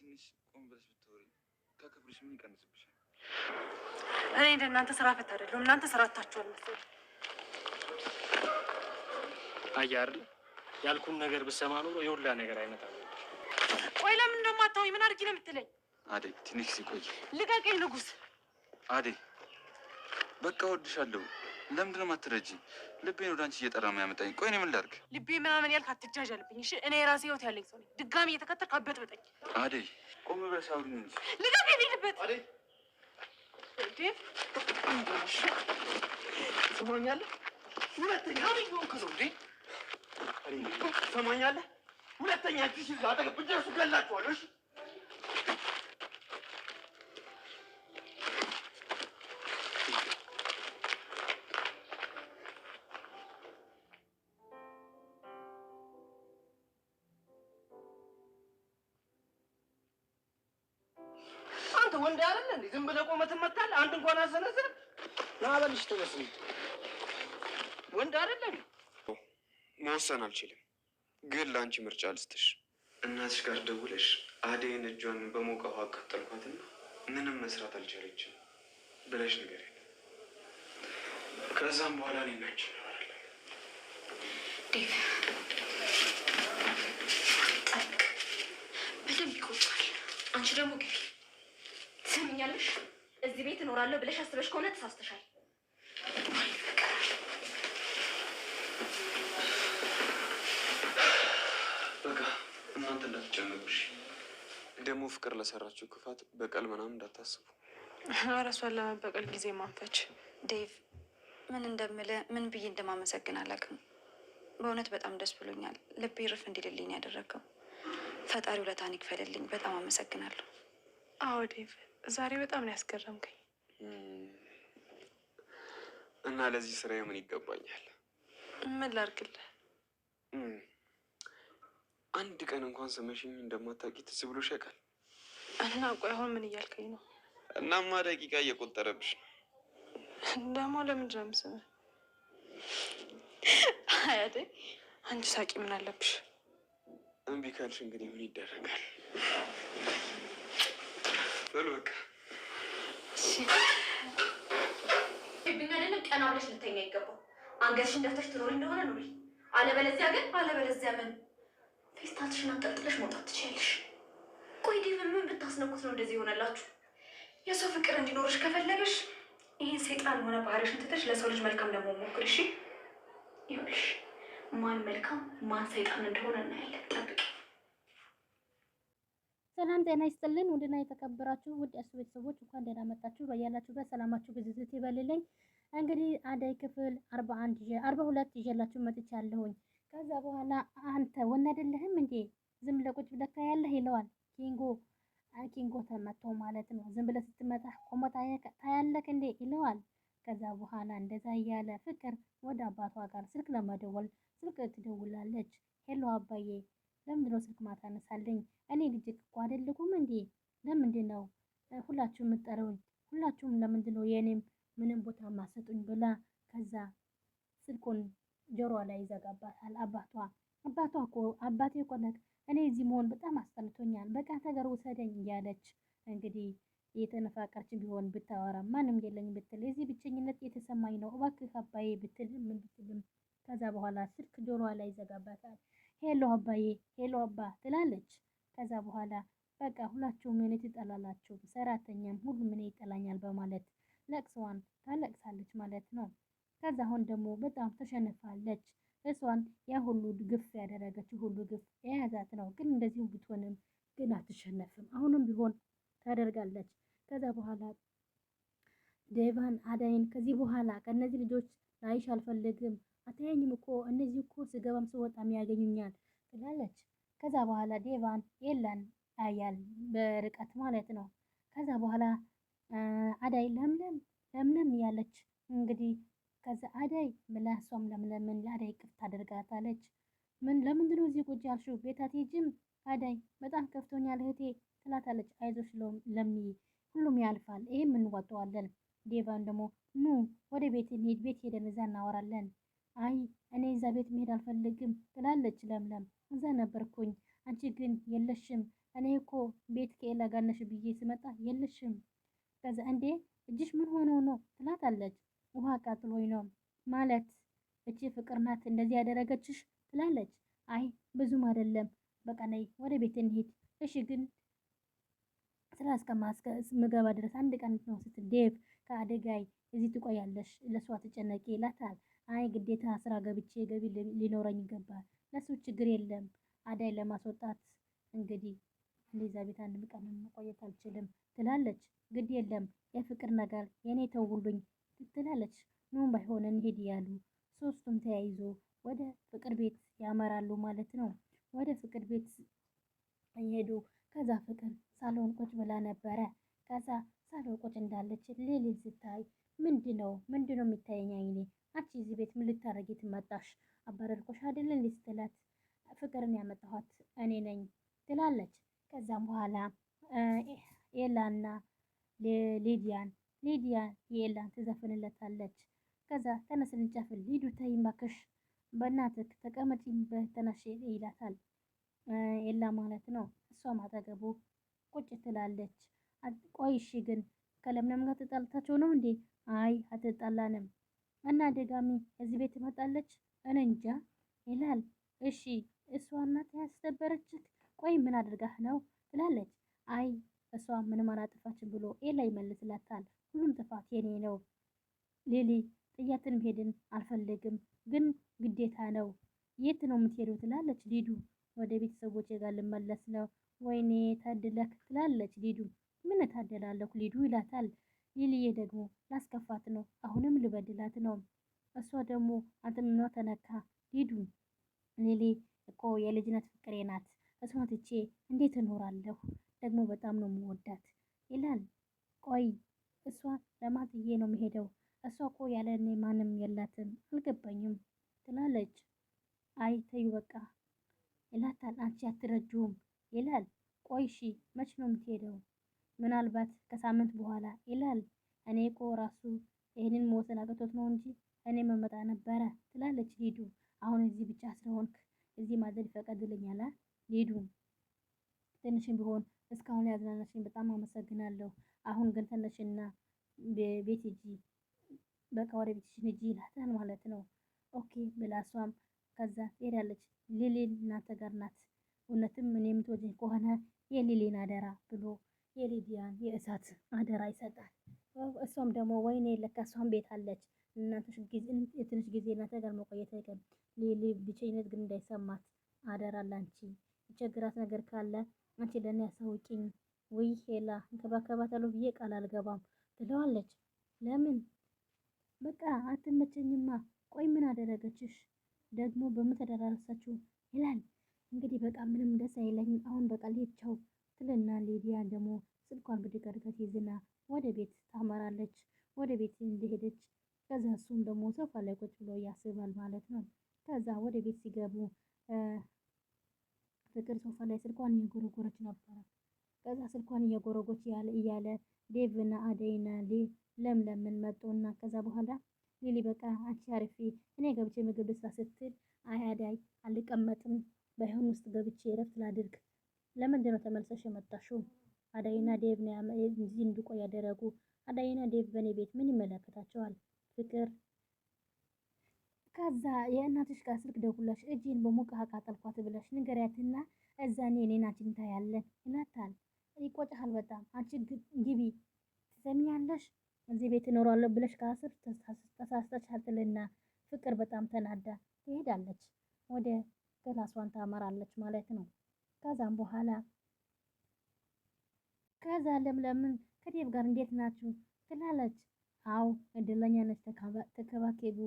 ትንሽ ቆም ብለሽ ብትወሪ ከክፍልሽ ምን ይቀንስብሻል? እኔ እንደ እናንተ ስራ ፈት አይደለሁም። እናንተ ስራ አታችኋል መሰለኝ። አየህ አይደል ያልኩን ነገር ብሰማ ኖሮ የሁላ ነገር አይመጣም። ቆይ ለምን እንደማታወኝ ምን አድርጊ ነው የምትለኝ? አዴ ትንሽ ሲቆይ ልቀቀኝ። ንጉስ አዴ በቃ ወድሻለሁ ለምንድነው የማትረጂኝ? ልቤን ወደ አንቺ እየጠራ ነው ያመጣኝ። ቆይ እኔ ምን ላድርግ? ልቤ ምናምን ያልክ አትጃጃልብኝ። እሺ እኔ የራሴ ህይወት ያለኝ ሰው ነኝ። ድጋሚ እየተከተልክ አበጥብጠኝ። አደይ ቆም ብለሽ አውሪኝ እንጂ ልቀቅ። ልሄድበት ትሰማኛለህ? ሁለተኛ ትሰማኛለህ? ሁለተኛ ሽ አጠገብህ ብትደርሱ ገላችኋለሁ። እሺ ዝም ብለህ ቆመህ ትመታለህ። አንድ እንኳን አዘነዘ ናበልሽ ተመስል ወንድ አይደለም። መወሰን አልችልም፣ ግን ለአንቺ ምርጫ ልስጥሽ። እናትሽ ጋር ደውለሽ አደይን እጇን በሞቀ ውሃ አቃጠልኳትና ምንም መስራት አልቻለችም ብለሽ ነገር ከዛም በኋላ እኔ እና አንቺ በደንብ ይቆጣል። አንቺ ደግሞ ግቢ ትሰሚኛለሽ? እዚህ ቤት እኖራለሁ ብለሽ አስበሽ ከሆነ ተሳስተሻል። በቃ እናንተ እንዳትጨነቁሽ። ደግሞ ፍቅር ለሰራችው ክፋት በቀል ምናምን እንዳታስቡ። እራሷን ለመበቀል ጊዜ ማንፈች። ዴቭ ምን እንደምል ምን ብዬ እንደማመሰግን አላውቅም። በእውነት በጣም ደስ ብሎኛል። ልቤ ርፍ እንዲልልኝ ያደረገው ፈጣሪው ለታኒክ ፈልልኝ። በጣም አመሰግናለሁ። አዎ ዴቭ ዛሬ በጣም ነው ያስገረምከኝ። እና ለዚህ ስራ ምን ይገባኛል? ምን ላርግለ? አንድ ቀን እንኳን ስመሽኝ እንደማታውቂ ትዝ ብሎ ሸቃል። እና ቆይ አሁን ምን እያልከኝ ነው? እናማ ደቂቃ እየቆጠረብሽ ነው። ደግሞ ለምንድን ነው የምስምህ? አያቴ አንቺ ሳቂ ምን አለብሽ? እምቢ ካልሽ እንግዲህ ምን ይደረጋል? በሉ በቃ ብኛ ቀና ብለሽ ልተኛ ይገባው። አንገትሽን ደፍተሽ ትኖሪ እንደሆነ ኑሪ። አለበለዚያ ግን አለበለዚያ ምን ፌስታልሽን አንጠልጥለሽ መውጣት ትችያለሽ። ቆይ ዴቭን ምን ብታስነኩት ነው እንደዚህ ይሆነላችሁ? የሰው ፍቅር እንዲኖርሽ ከፈለገሽ ይህን ሰይጣን ሆነ ባህሪሽን ትተሽ ለሰው ልጅ መልካም ደግሞ ሞክር። እሺ ይኸውልሽ፣ ማን መልካም ማን ሰይጣን እንደሆነ እናያለን። ጠብቂ ሰላም ጤና ይስጥልን። ውድና የተከበራችሁ ውድ እሱ ቤተሰቦች እንኳን ደህና መጣችሁ። በያላችሁበት ሰላማችሁ ብዝዝት ይበልልኝ። እንግዲህ አደይ ክፍል አርባ አንድ አርባ ሁለት ይዤላችሁ መጥቻለሁኝ። ከዛ በኋላ አንተ ወን አይደለህም እንዴ ዝም ብለህ ቁጭ ብለህ ታያለህ ይለዋል ኪንጎ። ኪንጎ ተመቶ ማለት ነው። ዝም ብለህ ስትመጣ ቆሞ ታያለህ እንዴ ይለዋል። ከዛ በኋላ እንደዛ እያለ ፍቅር ወደ አባቷ ጋር ስልክ ለመደወል ስልክ ትደውላለች። ሄሎ አባዬ ለምንድነው ስልክ ማታነሳለኝ? እኔ ልጅ እኮ አይደለሁም እንዴ? ለምንድን ነው ሁላችሁም የምጠሩኝ? ሁላችሁም ለምንድን ነው የእኔም ምንም ቦታ ማሰጡኝ? ብላ ከዛ ስልኩን ጆሮ ላይ ይዘጋባታል። አባቷ አባቷ እኮ አባቴ እኮ እኔ እዚህ መሆን በጣም አስጠልቶኛል፣ በቃ ተገር ውሰደኝ እያለች እንግዲህ የተነፋቀች ቢሆን ብታወራ ማንም የለኝ ብትል የዚህ ብቸኝነት የተሰማኝ ነው እባክህ አባዬ ብትል ምን ብትልም ከዛ በኋላ ስልክ ጆሮዋ ላይ ይዘጋባታል። ሄሎ አባዬ፣ ሄሎ አባ ትላለች። ከዛ በኋላ በቃ ሁላችሁ ምን ትጠላላችሁ፣ ሰራተኛም ሁሉ ምን ይጠላኛል በማለት ለቅሰዋን ታለቅሳለች ማለት ነው። ከዛ አሁን ደግሞ በጣም ተሸንፋለች። እሷን ያ ሁሉ ግፍ ያደረገች ሁሉ ግፍ የያዛት ነው። ግን እንደዚሁ ብትሆንም ግን አትሸነፍም። አሁንም ቢሆን ታደርጋለች። ከዛ በኋላ ዴቫን አዳይን ከዚህ በኋላ ከእነዚህ ልጆች ላይሽ አልፈልግም አታየኝም እኮ እነዚህ እኮ ስገባም ስወጣም ያገኙኛል ትላለች። ከዛ በኋላ ዴቫን ኤላን ያያል በርቀት ማለት ነው። ከዛ በኋላ አዳይ ለምለም ለምለም ያለች እንግዲህ ከዛ አዳይ ምላሷም ለምለምን ለአዳይ ቅርት ታደርጋታለች። ምን ለምንድነው እዚህ ቁጭ ያልሽው? ቤታት ሂጂም አዳይ በጣም ከፍቶኛል እህቴ ትላታለች። አይዞሽ ለሚ ሁሉም ያልፋል፣ ይህም እንዋጠዋለን። ዴቫን ደግሞ ኑ ወደ ቤት ቤት ሄደን እዛ እናወራለን አይ እኔ እዛ ቤት መሄድ አልፈልግም ትላለች ለምለም። እዛ ነበርኩኝ አንቺ ግን የለሽም። እኔ እኮ ቤት ከኤላ ጋር ነሽ ብዬ ስመጣ የለሽም። ከዛ እንዴ እጅሽ ምን ሆኖ ነው ትላታለች። ውሃ አቃጥሎኝ ነው ማለት እቺ ፍቅር ናት እንደዚህ ያደረገችሽ ትላለች። አይ ብዙም አይደለም፣ በቃ ነይ ወደ ቤት እንሄድ እሺ ግን ስራ እስከምገባ ድረስ አንድ ቀን ነው ስትል ዴቭ ከአደጋይ እዚህ ትቆያለሽ ለሷ ትጨነቂ ይላታል። አይ ግዴታ ስራ ገብቼ ገቢ ሊኖረኝ ይገባል። ለሱ ችግር የለም። አዳይ ለማስወጣት እንግዲህ ኤሊዛቤት አንድም ቀን መቆየት አልችልም ትላለች። ግድ የለም የፍቅር ነገር የኔ ተውሉኝ ትላለች። ኑም ባይሆን እንሄድ እያሉ ሶስቱም ተያይዞ ወደ ፍቅር ቤት ያመራሉ ማለት ነው። ወደ ፍቅር ቤት እየሄዱ ከዛ ፍቅር ሳሎን ቁጭ ብላ ነበረ። ከዛ ሳሎን ቁጭ እንዳለች ሌሊት ስታይ ምንድነው ምንድነው የሚታየኝ አይኔ አንቺ እዚህ ቤት ምን ልታረጊ ትመጣሽ? አባረርኩሽ አይደል እንዴ ስትላት ፍቅርን ያመጣኋት እኔ ነኝ ትላለች። ከዛም በኋላ ኤላና ሊዲያን ሊዲያ የኤላን ትዘፍንለታለች። ከዛ ተነስ እንጨፍር፣ ሂዱ ተይኝ እባክሽ፣ በእናትህ ተቀመጪ፣ በተነሽ ይላታል ኤላ ማለት ነው። እሷም አጠገቡ ቁጭ ትላለች። ቆይሽ ግን ከለምለም ጋር ተጣልታቸው ነው እንዴ? አይ አትጣላንም እና ደጋሚ እዚህ ቤት ትመጣለች እኔ እንጃ ይላል። እሺ እሷ እናት ያስደበረችት ቆይ ምን አድርጋህ ነው ትላለች። አይ እሷ ምንም አላጠፋችም ብሎ ኤላ ይመልስላታል። ሁሉም ጥፋት የኔ ነው ሌሊ ጥያትን ሄድን አልፈልግም ግን ግዴታ ነው። የት ነው የምትሄደው ትላለች ሊዱ። ወደ ቤተሰቦች ጋር ልመለስ ነው። ወይኔ ታድለክ ትላለች ሊዱ። ምን ታደላለሁ ሊዱ ይላታል። ይልዬ ደግሞ ላስከፋት ነው፣ አሁንም ልበድላት ነው። እሷ ደግሞ አንተምኗ ተነካ ሂዱ ሊሊ እኮ የልጅነት ፍቅሬ ናት። እሷን ትቼ እንዴት እኖራለሁ? ደግሞ በጣም ነው የምወዳት ይላል። ቆይ እሷ ለማን ነው የምሄደው? እሷ እኮ ያለ እኔ ማንም የላትም አልገባኝም ትላለች። አይ ተዩ በቃ ይላታል። አንቺ አትረጁም ይላል። ቆይ እሺ መች ነው የምትሄደው? ምናልባት ከሳምንት በኋላ ይላል። እኔ እኮ ራሱ ይህንን መወሰን አቅቶት ነው እንጂ የሊዲያን የእሳት አደራ ይሰጣል። እሷም ደግሞ ወይኔ ለካ እሷም ቤት አለች የትንሽ ጊዜ እናንተ ጋር መቆየት አይቀርም ሌሊ ብቸኝነት ግን እንዳይሰማት አደራ ላንቺ የቸግራት ነገር ካለ አንቺ ለእኔ ያሳውቂኝ። ውይ ሄላ እንከባከባታለሁ ብዬ ቃል አልገባም ትለዋለች። ለምን በቃ አትመቸኝማ። ቆይ ምን አደረገችሽ ደግሞ በምን ተደራረሳችሁ? ይላል እንግዲህ በቃ ምንም ደስ አይለኝም። አሁን በቃ ሌቻው ትልና ሊዲያ ደግሞ ስልኳን ብድግ አድርጋ ትይዝና ወደ ቤት ታመራለች። ወደ ቤት እንደሄደች ከዛ እሱም ደግሞ ሶፋ ላይ ቁጭ ብሎ ያስባል ማለት ነው። ከዛ ወደ ቤት ሲገቡ ፍቅር ሶፋ ላይ ስልኳን እየጎረጎረች ነበረ። ከዛ ስልኳን እየጎረጎች እያለ ዴቭና አደይና ለምለምን መጡና ከዛ በኋላ ሊሊ በቃ አንቺ አርፊ፣ እኔ ገብቼ ምግብ ልስራ ስትል አያዳይ አልቀመጥም፣ ባይሆን ውስጥ ገብቼ እረፍት ላድርግ ለምንድን ነው ተመልሰሽ የመጣሽው? አዳይና ዴቭ ነው እዚህ እንድቆይ ያደረጉ። አዳይና ዴቭ በእኔ ቤት ምን ይመለከታቸዋል? ፍቅር ከዛ የእናትሽ ጋር ስልክ ደውለሽ እጅን በሞቀ አቃጠልኳት ብለሽ ንገሪያትና እዛ እኔ እኔን አንቺን እንታያለን ይላታል። ይቆጭሃል በጣም አንቺ ግቢ ትሰሚያለሽ፣ እዚህ ቤት እኖራለሁ ብለሽ ከአስር ተሳስተሻልና ፍቅር በጣም ተናዳ ትሄዳለች። ወደ ክላሷን ታመራለች ማለት ነው። ከዛም በኋላ ከዛ ለምለምን ከዴብ ጋር እንዴት ናችሁ ትላለች። አው እድለኛ ነች ተከባከቡ፣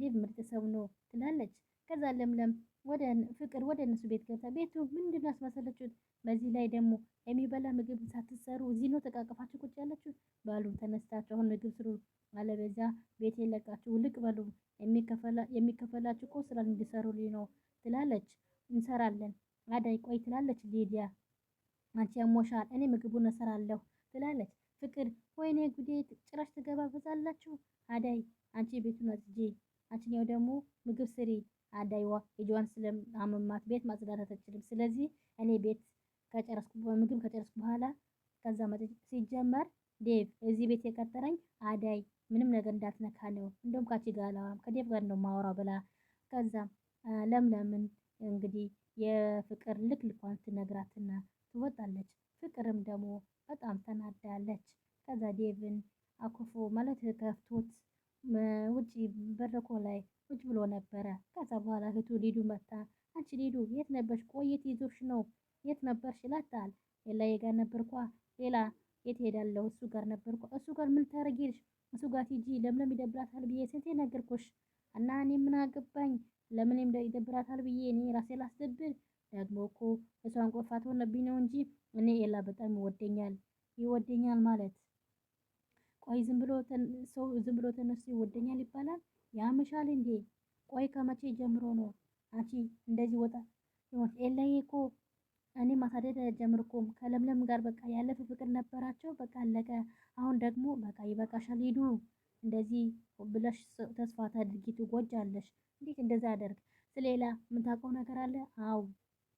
ዴብ ምርጥ ሰው ነው ትላለች። ከዛ ለምለም ወደ ፍቅር ወደ እነሱ ቤት ገብታ ቤቱ ምንድን ነው ያስመሰለችው። በዚህ ላይ ደግሞ የሚበላ ምግብ ሳትሰሩ እዚህ ነው ተቃቀፋችሁ ቁጭ ያለችሁ። በሉ ተነስታችሁ አሁን ምግብ ስሩ፣ አለበለዚያ ቤት የለቃችሁ ውልቅ በሉ። የሚከፈላችሁ እኮ ስራ እንዲሰሩልኝ ነው ትላለች። እንሰራለን አዳይ ቆይ ትላለች ሊዲያ። አንቺ ያሞሻል፣ እኔ ምግቡን እሰራለሁ ትላለች ፍቅር። ወይኔ ጉዴ ጭራሽ ትገባበዛላችሁ። አዳይ አንቺ ቤቱን አጽጂ፣ አንቺኛው ደግሞ ምግብ ስሪ። አዳይዋ ልጇን ስለአመማት ቤት ማጽዳት አትችልም። ስለዚህ እኔ ቤት ከጨረስኩ ምግብ ከጨረስኩ በኋላ ከዛ መጠጥ ሲጀመር ዴቭ እዚህ ቤት የቀጠረኝ አዳይ ምንም ነገር እንዳትነካ ነው። እንደውም ካቺ ጋር አላወራም ከዴቭ ጋር ነው ማወራው ብላ ከዛ ለምለምን እንግዲህ የፍቅር ልክ ልኳን ትነግራትና ትወጣለች። ፍቅርም ደግሞ በጣም ተናዳለች። ከዛ ዴቭን አኩርፎ ማለት ከፍቶት ውጪ በረኮ ላይ ቁጭ ብሎ ነበረ። ከዛ በኋላ እህቱ ሊዱ መታ፣ አንቺ ሊዱ የት ነበርሽ? ቆየት ይዞሽ ነው የት ነበርሽ ይላታል። ሌላ የጋ ነበርኳ። ሌላ የት ሄዳለሁ? እሱ ጋር ነበርኳ። እሱ ጋር ምን ታረጊልሽ? እሱ ጋር ሂጂ ለምለም ይደብራታል ብዬ ስንቴ ነገርኩሽ እና እኔ ምን አገባኝ ለምን ይደብራታል ብዬ እኔ ራሴ ላስደብር? ደግሞ እኮ እሷን ሆነብኝ ነው እንጂ እኔ ኤላ በጣም ይወደኛል ይወደኛል ማለት ቆይ ዝም ብሎ ሰው ዝም ብሎ ተነሱ ይወደኛል ይባላል። ያምሻል እንዴ? ቆይ ከመቼ ጀምሮ ነው አንቺ እንደዚህ ወጣ ይሆን? ኤላዬ እኮ እኔ ማሳደድ ጀምርኩም ከለምለም ጋር በቃ ያለፈ ፍቅር ነበራቸው። በቃ አለቀ። አሁን ደግሞ በቃ ይበቃሻል፣ ሂዱ እንደዚህ ብለሽ ተስፋ ታድርጊ ትጎጃለሽ። እንዴት እንደዛ አደርግ? ስለሌላ የምታውቀው ነገር አለ? አው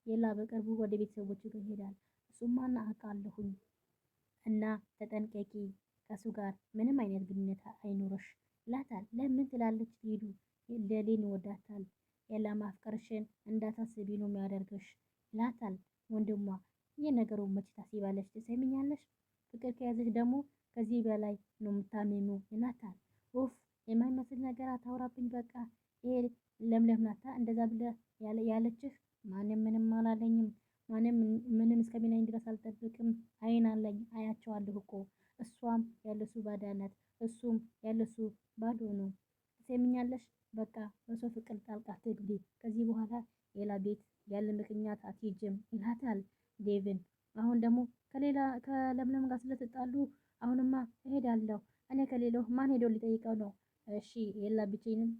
ሌላ በቅርቡ ወደ ቤተሰቦቹ ጋር ይሄዳል። እሱማና አውቃለሁኝ እና ተጠንቀቂ፣ ከሱ ጋር ምንም አይነት ግንኙነት አይኖረሽ ይላታል። ለምን ትላለች ሊዱ። ሌሊን ይወዳታል። ሌላ ማፍቀርሽን እንዳታስቢ ነው የሚያደርግሽ ይላታል። ወንድሟ ይህ ነገሩ መቼ ታስቢያለሽ? ትሰሚኛለሽ? ፍቅር ከያዘሽ ደግሞ ከዚህ በላይ ነው የምታምኑ አልጠብቅም። አይን አለኝ አያቸዋለሁ እኮ። እሷም ያለሱ ባዳነት እሱም ያለሱ ባዶ ነው። ትሰሚኛለሽ? በቃ በሰው ፍቅር ጣልቃ ትግቢ። ከዚህ በኋላ ሌላ ቤት ያለ ምክንያት አትሄጂም ይላታል ዴቪን አሁን ደግሞ ከሌላ ከለምለም ጋር ስለተጣሉ አሁንማ እሄዳለሁ እኔ ከሌለው ማን ሄዶ ሊጠይቀው ነው? እሺ የላ ብቻዬንም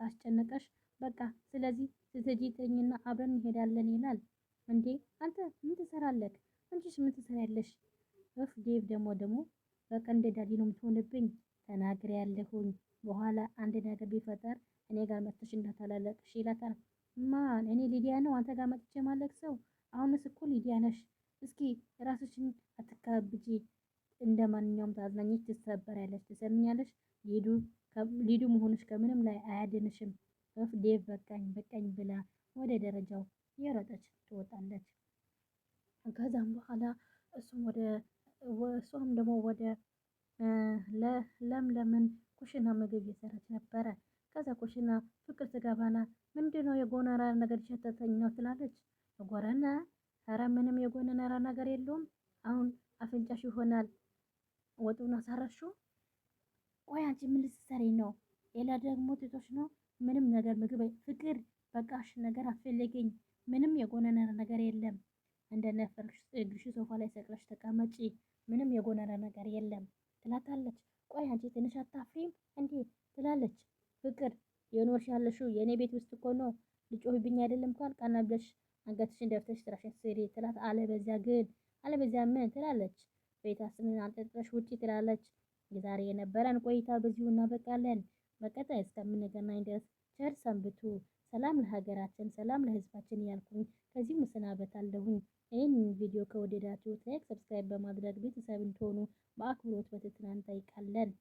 ካስጨነቀሽ በቃ ስለዚህ ስትሄጂ ተኝና አብረን እንሄዳለን ይላል። እንዴ አንተ ምን ትሰራለህ? አንቺስ ምን ትሰሪያለሽ? እፍ ዴቭ ደግሞ ደግሞ በቀን ዳዲ ነው የምትሆንብኝ ተናግር ያለሁኝ በኋላ አንድ ነገር ቢፈጠር እኔ ጋር መጥተሽ እንዳታላለቅሽ ይላታል። ማን እኔ ሊዲያ ነው አንተ ጋር መጥቼ ማለቅ ሰው አሁንስ እኮ ሊዲያ ነሽ። እስኪ ራስሽን አትካብጂ፣ እንደ ማንኛውም ታዝናኞች ትሰበሪያለሽ። ትሰምኛለሽ ሊዱ ሊዱ መሆንሽ ከምንም ላይ አያድንሽም። እፍ ዴቭ በቃኝ በቃኝ ብላ ወደ ደረጃው የሮጠች ትወጣለች። ከዛም በኋላ እሱም ወደ እሷም ደግሞ ወደ ለምለምን ኩሽና ምግብ እየሰራች ነበረ። ከዛ ኩሽና ፍቅር ትገባና ምንድነው የጎነራ ነገር ሸተተኝ ነው ትላለች። የጎረነ ኧረ ምንም የጎነራ ነገር የለውም። አሁን አፍንጫሽ ይሆናል ወጡን አሳረሹ። ቆይ አንቺ ምን ልትሰሪ ነው? ሌላ ደግሞ ሴቶች ነው ምንም ነገር ምግብ ፍቅር በቃሽ ነገር አትፈልግኝ ምንም የጎነነረ ነገር የለም እንደነፈርሽ እግርሽ ሶፋ ላይ ሰቅለሽ ተቀመጪ፣ ምንም የጎነረ ነገር የለም ትላታለች። ቆይ አንቺ ትንሽ አታፍሪም እንዴ ትላለች። ፍቅር የኖርሽ ያለሽው የእኔ ቤት ውስጥ እኮ ነው፣ ልጮህብኝ አይደለም ካል ቀና ብለሽ አንገትሽን ደፍተሽ ስራሽን ስሪ ትላት። አለበዚያ ግን አለበዚያ ምን ትላለች። ቤታችንን አንጠጥረሽ ውጪ ትላለች። የዛሬ የነበረን ቆይታ በዚሁ እናበቃለን። በቀጣይ እስከምንገናኝ ድረስ ቸር ሰንብቱ። ሰላም ለሀገራችን፣ ሰላም ለሕዝባችን እያልኩኝ ከዚህም እሰናበታለሁኝ። ይህንን ቪዲዮ ከወደዳችሁት ላይክ፣ ሰብስክራይብ በማድረግ ቤተሰብ እንድትሆኑ በአክብሮት በትህትና እንጠይቃለን።